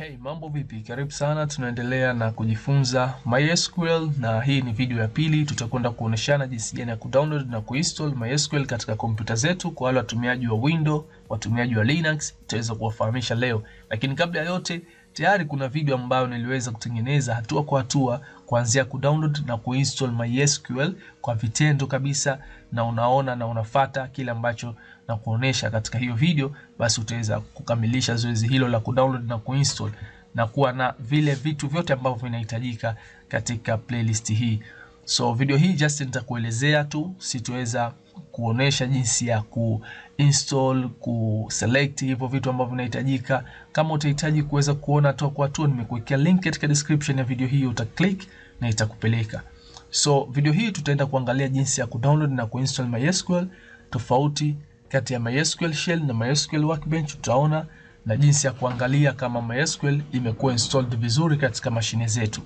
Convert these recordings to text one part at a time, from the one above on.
Hey, mambo vipi? Karibu sana, tunaendelea na kujifunza MySQL na hii ni video ya pili. Tutakwenda kuoneshana jinsi gani ya kudownload na kuinstall MySQL katika kompyuta zetu. Kwa wale watumiaji wa Windows, watumiaji wa Linux, tutaweza kuwafahamisha leo, lakini kabla ya yote tayari kuna video ambayo niliweza kutengeneza hatua kwa hatua kuanzia kudownload na kuinstall MySQL kwa vitendo kabisa, na unaona na unafata kile ambacho na kuonesha katika hiyo video, basi utaweza kukamilisha zoezi hilo la kudownload na kuinstall na kuwa na vile vitu vyote ambavyo vinahitajika katika playlist hii. So video hii just nitakuelezea tu, sitoweza kuonesha jinsi ya ku install ku select hivyo vitu ambavyo vinahitajika. Kama utahitaji kuweza kuona hatua kwa hatua, nimekuwekea link katika description ya video hii, uta click na itakupeleka. So video hii tutaenda kuangalia jinsi ya ku download na ku install MySQL, tofauti kati ya MySQL shell na MySQL workbench tutaona, na jinsi ya kuangalia kama MySQL imekuwa installed vizuri katika mashine zetu.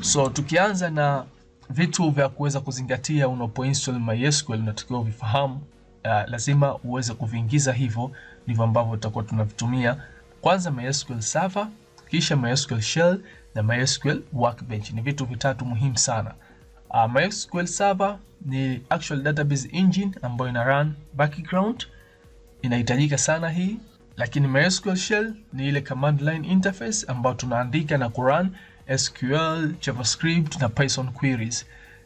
So tukianza na vitu vya kuweza kuzingatia unapoinstall MySQL unatakiwa uvifahamu. Uh, lazima uweze kuviingiza hivyo, ndivyo ambavyo tutakuwa tunavitumia kwanza MySQL server, kisha MySQL shell na MySQL workbench. Ni vitu vitatu muhimu sana. Uh, ah, MySQL server ni actual database engine ambayo ina run background, inahitajika sana hii, lakini MySQL shell ni ile command line interface ambayo tunaandika na kurun SQL, JavaScript na Python queries.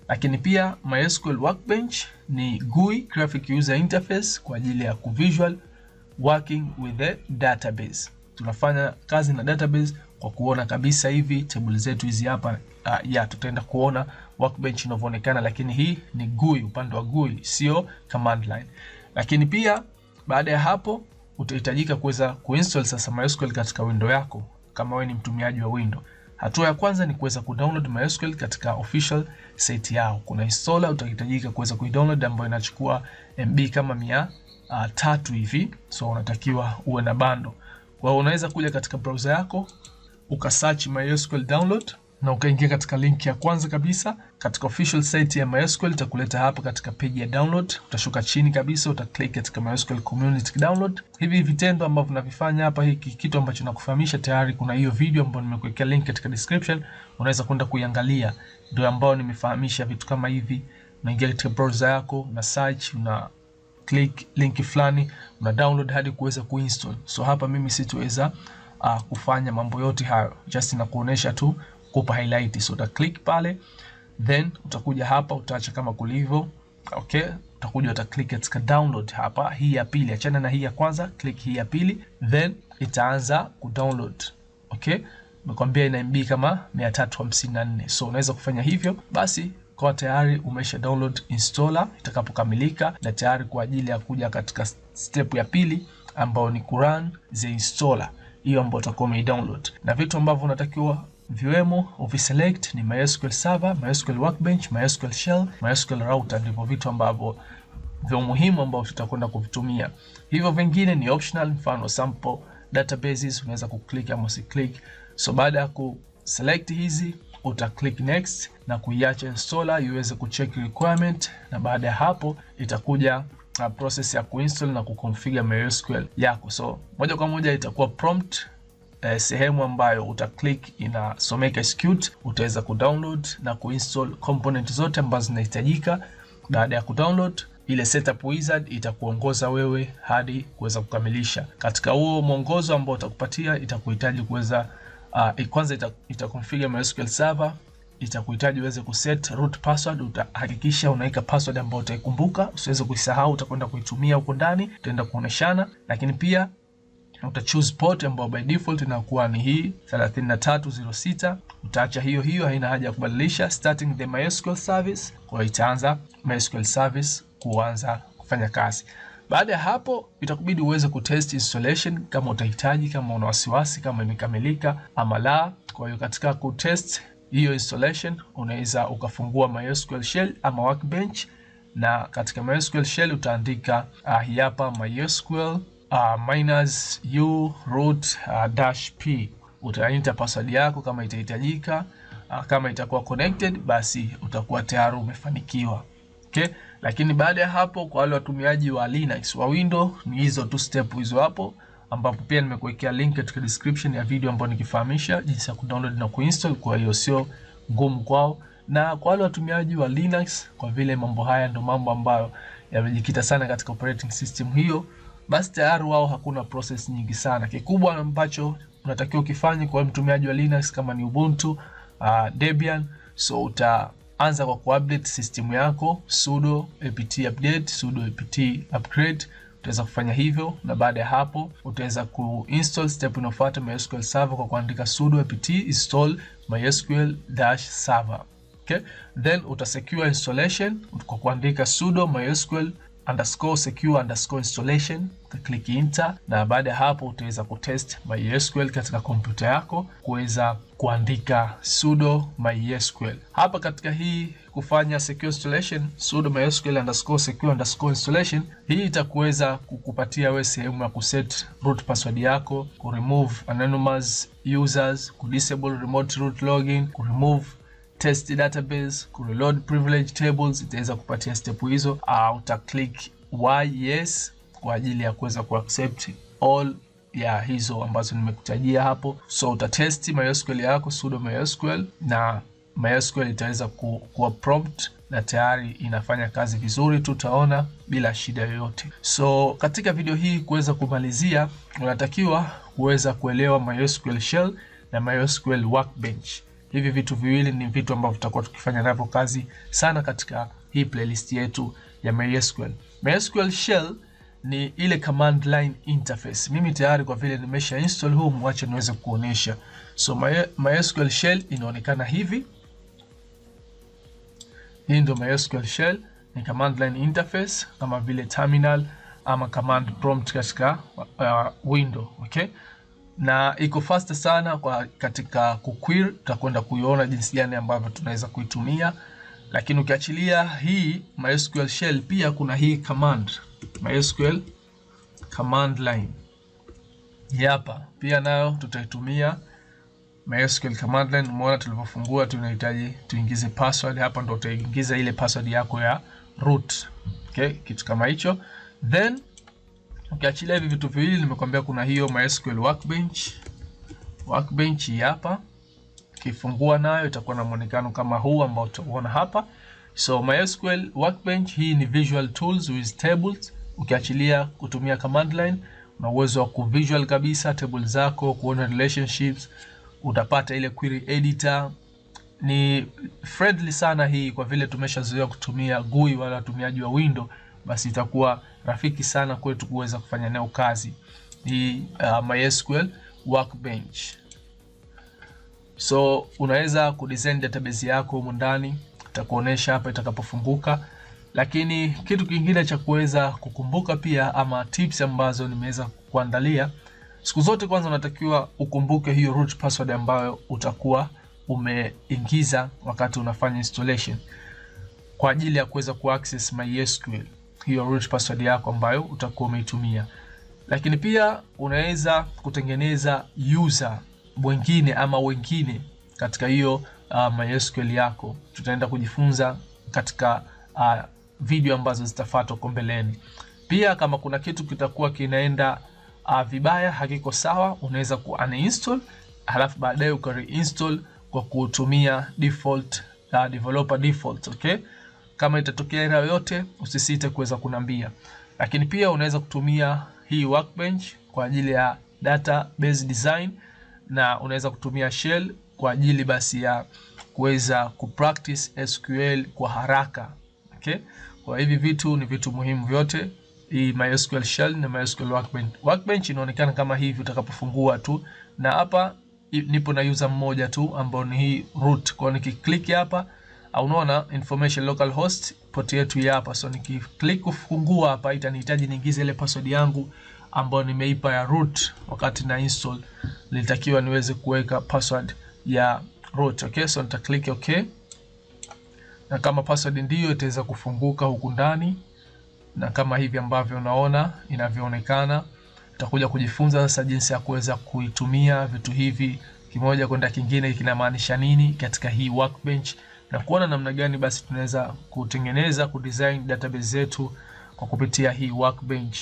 Lakini pia MySQL Workbench ni GUI, graphic user interface, kwa ajili ya kuvisual working with the database. Tunafanya kazi na database kwa kuona kabisa hivi table zetu hizi hapa. Uh, ya tutaenda kuona Workbench inavyoonekana, lakini hii ni GUI, upande wa GUI sio command line. Lakini pia baada ya hapo utahitajika kuweza kuinstall sasa MySQL katika window yako kama wewe ni mtumiaji wa window. Hatua ya kwanza ni kuweza kudownload MySQL katika official site yao. Kuna installer utahitajika kuweza kuidownload ambayo inachukua MB kama mia uh, tatu hivi, so unatakiwa uwe na bando. Kwa hiyo unaweza kuja katika browser yako ukasearch MySQL download na ukaingia katika link ya kwanza kabisa katika official site ya MySQL itakuleta hapa katika page ya download. Utashuka chini kabisa, uta click katika MySQL community download. Hivi vitendo ambavyo tunavifanya hapa, hiki kitu ambacho nakufahamisha tayari, kuna hiyo video ambayo nimekuwekea link katika description, unaweza kwenda kuiangalia, ndio ambao nimefahamisha vitu kama hivi. Unaingia katika browser yako na search, una click link fulani, una download hadi kuweza kuinstall. So hapa mimi situweza uh, ah, kufanya mambo yote hayo, just na kuonesha tu kukupa highlight. So uta click pale, then utakuja hapa utaacha kama kulivyo. Okay, utakuja uta click katika download hapa, hii ya pili, achana na hii ya kwanza, click hii ya pili, then itaanza ku download. Okay, nimekwambia ina MB kama 354, so unaweza kufanya hivyo basi kwa tayari umesha download installer itakapokamilika, na tayari kwa ajili ya kuja katika step ya pili ambayo ni kurun the installer hiyo ambayo utakuwa umedownload, na vitu ambavyo unatakiwa viwemo Office Select, ni MySQL Server, MySQL Workbench, MySQL Shell, MySQL Router. Ndivyo vitu ambavyo vya muhimu ambavyo tutakwenda kuvitumia. Hivyo vingine ni optional, mfano sample databases unaweza kuclick ama usiclick. So baada ya kuselect hizi uta click next na kuiacha installer iweze kucheck requirement, na baada ya hapo itakuja uh, process ya kuinstall na kuconfigure MySQL yako. So moja kwa moja itakuwa prompt eh, sehemu ambayo uta click inasomeka execute, utaweza kudownload na kuinstall component zote ambazo zinahitajika. Baada ya kudownload ile setup wizard itakuongoza wewe hadi kuweza kukamilisha. Katika huo mwongozo ambao utakupatia itakuhitaji kuweza uh, kwanza ita, ita configure MySQL server itakuhitaji uweze kuset root password. Utahakikisha unaweka password ambayo utaikumbuka, usiweze kuisahau, utakwenda kuitumia huko ndani, utaenda kuoneshana, lakini pia uta choose port ambayo by default inakuwa ni hii 3306. Utaacha hiyo hiyo, haina haja ya kubadilisha. Starting the MySQL service, kwa itaanza MySQL service kuanza kufanya kazi. Baada ya hapo itakubidi uweze kutest installation kama utahitaji, kama una wasiwasi kama imekamilika ama la. Kwa hiyo katika kutest hiyo installation unaweza ukafungua MySQL shell ama workbench, na katika MySQL shell utaandika uh, hapa MySQL uh, minus u root uh, dash p. utaenter password yako kama itahitajika. Uh, ah, kama itakuwa connected, basi utakuwa tayari umefanikiwa. Okay? Lakini baada ya hapo, kwa wale watumiaji wa Linux wa Windows, ni hizo tu step hizo hapo, ambapo pia nimekuwekea link katika description ya video ambayo nikifahamisha jinsi ya kudownload na kuinstall, kwa hiyo sio ngumu kwao na kwa wale watumiaji wa Linux, kwa vile mambo haya ndo mambo ambayo yamejikita sana katika operating system hiyo basi tayari wao hakuna process nyingi sana. Kikubwa ambacho unatakiwa ukifanye kwa mtumiaji wa Linux kama ni Ubuntu, uh, Debian, so utaanza kwa kuupdate system yako sudo apt update, sudo apt upgrade utaweza kufanya hivyo, na baada ya hapo utaweza kuinstall step inayofuata MySQL server kwa kuandika sudo apt install mysql-server. dash Okay? Then utasecure installation kwa kuandika sudo mysql underscore secure underscore installation, utaklik enter, na baada ya hapo utaweza kutest MySQL katika kompyuta yako kuweza kuandika sudo MySQL. Hapa katika hii kufanya secure installation sudo mysql underscore secure underscore installation, hii itakuweza kukupatia we sehemu ya kuset root password yako, kuremove anonymous users, kudisable remote root login, kuremove test database, kureload privilege tables itaweza kupatia step hizo. Uh, uta click y yes kwa ajili ya kuweza ku accept all ya hizo ambazo nimekutajia hapo. So utatesti MySQL yako sudo MySQL na MySQL itaweza kuwa prompt na tayari inafanya kazi vizuri, tutaona bila shida yoyote. So katika video hii kuweza kumalizia, unatakiwa kuweza kuelewa MySQL shell na MySQL workbench. Hivi vitu viwili ni vitu ambavyo tutakuwa tukifanya navyo kazi sana katika hii playlist yetu ya MySQL. MySQL shell ni ile command line interface. Mimi tayari kwa vile nimesha install huu, mwache niweze kuonesha. So MySQL shell inaonekana hivi. Hii ndio MySQL shell, ni command line interface kama vile terminal ama command prompt katika uh, window okay na iko fast sana kwa katika kuquery. Tutakwenda kuiona jinsi gani ambavyo tunaweza kuitumia, lakini ukiachilia hii MySQL shell, pia kuna hii command MySQL command line hapa, pia nayo tutaitumia MySQL command line. Umeona tulipofungua tunahitaji tuingize password hapa, ndo utaingiza ile password yako ya root. Okay, kitu kama hicho then ukiachilia okay, hivi vitu viwili nimekuambia kuna hiyo MySQL Workbench. Workbench hii hapa, ukifungua nayo itakuwa na muonekano kama huu ambao tunaona hapa. So MySQL Workbench hii ni visual tools with tables, ukiachilia kutumia command line na uwezo wa kuvisual kabisa table zako, kuona relationships, utapata ile query editor. Ni friendly sana hii kwa vile tumeshazoea kutumia GUI wala watumiaji wa window basi itakuwa rafiki sana kwetu kuweza kufanya nayo kazi hii uh, MySQL Workbench. So unaweza kudesign database yako humu ndani, itakuonesha hapa itakapofunguka. Lakini kitu kingine cha kuweza kukumbuka pia, ama tips ambazo nimeweza kuandalia siku zote, kwanza unatakiwa ukumbuke hiyo root password ambayo utakuwa umeingiza wakati unafanya installation kwa ajili ya kuweza kuaccess MySQL hiyo orange password yako ambayo utakuwa umeitumia. Lakini pia unaweza kutengeneza user mwingine ama wengine katika hiyo uh, MySQL yako. Tutaenda kujifunza katika uh, video ambazo zitafuata huko mbeleni. Pia kama kuna kitu kitakuwa kinaenda uh, vibaya, hakiko sawa, unaweza ku uninstall halafu baadaye uka reinstall kwa kutumia default uh, developer default, okay? Kama itatokea error yoyote, usisite kuweza kunambia, lakini pia unaweza kutumia hii workbench kwa ajili ya data base design na unaweza kutumia shell kwa ajili basi ya kuweza kupractice SQL kwa haraka okay. Kwa hivi vitu ni vitu muhimu vyote, hii MySQL shell na MySQL workbench. Workbench inaonekana kama hivi utakapofungua tu, na hapa nipo na user mmoja tu ambao ni hii root, kwa nikiklik hapa unaona information local host port yetu ya hapa. So nikiclick kufungua hapa itanihitaji niingize ile password yangu ambayo nimeipa ya root wakati na install, nilitakiwa niweze kuweka password ya root. Okay, so nita click okay, na kama password ndiyo itaweza kufunguka huku ndani, na kama hivi ambavyo unaona inavyoonekana. Tutakuja kujifunza sasa jinsi ya kuweza kuitumia vitu hivi kimoja kwenda kingine kinamaanisha nini katika hii workbench na kuona namna gani basi tunaweza kutengeneza kudesign database zetu kwa kupitia hii workbench.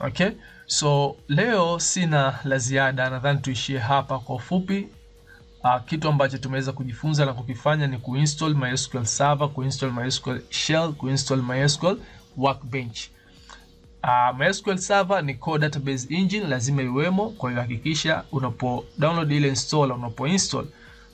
Okay? So leo sina la ziada, nadhani tuishie hapa kwa ufupi. Uh, kitu ambacho tumeweza kujifunza na kukifanya ni kuinstall MySQL server, kuinstall MySQL shell, kuinstall MySQL workbench. Uh, MySQL server ni core database engine, lazima iwemo. Kwa hiyo hakikisha unapo download ile installer, unapo install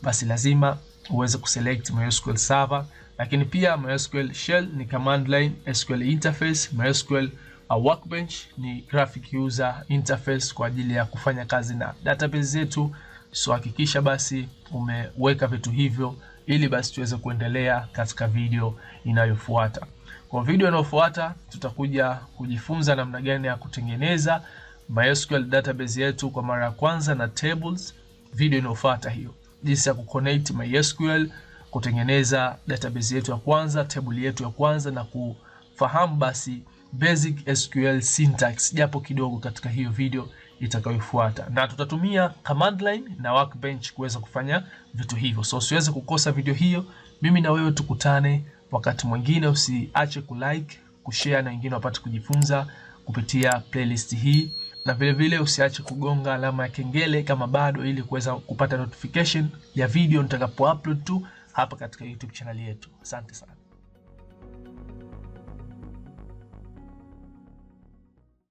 basi lazima uweze kuselect MySQL server, lakini pia MySQL shell ni command line SQL interface, MySQL uh, workbench ni graphic user interface kwa ajili ya kufanya kazi na database zetu. So hakikisha basi umeweka vitu hivyo ili basi tuweze kuendelea katika video inayofuata. Kwa video inayofuata tutakuja kujifunza namna gani ya kutengeneza MySQL database yetu kwa mara ya kwanza na tables, video inayofuata hiyo jinsi ya kuconnect MySQL, kutengeneza database yetu ya kwanza, table yetu ya kwanza na kufahamu basi basic SQL syntax japo kidogo katika hiyo video itakayofuata, na tutatumia command line na workbench kuweza kufanya vitu hivyo. So usiweze kukosa video hiyo. Mimi na wewe tukutane wakati mwingine. Usiache kulike, kushare na wengine wapate kujifunza kupitia playlist hii na vile vile usiache kugonga alama ya kengele kama bado, ili kuweza kupata notification ya video nitakapo upload tu hapa katika YouTube channel yetu. Asante sana.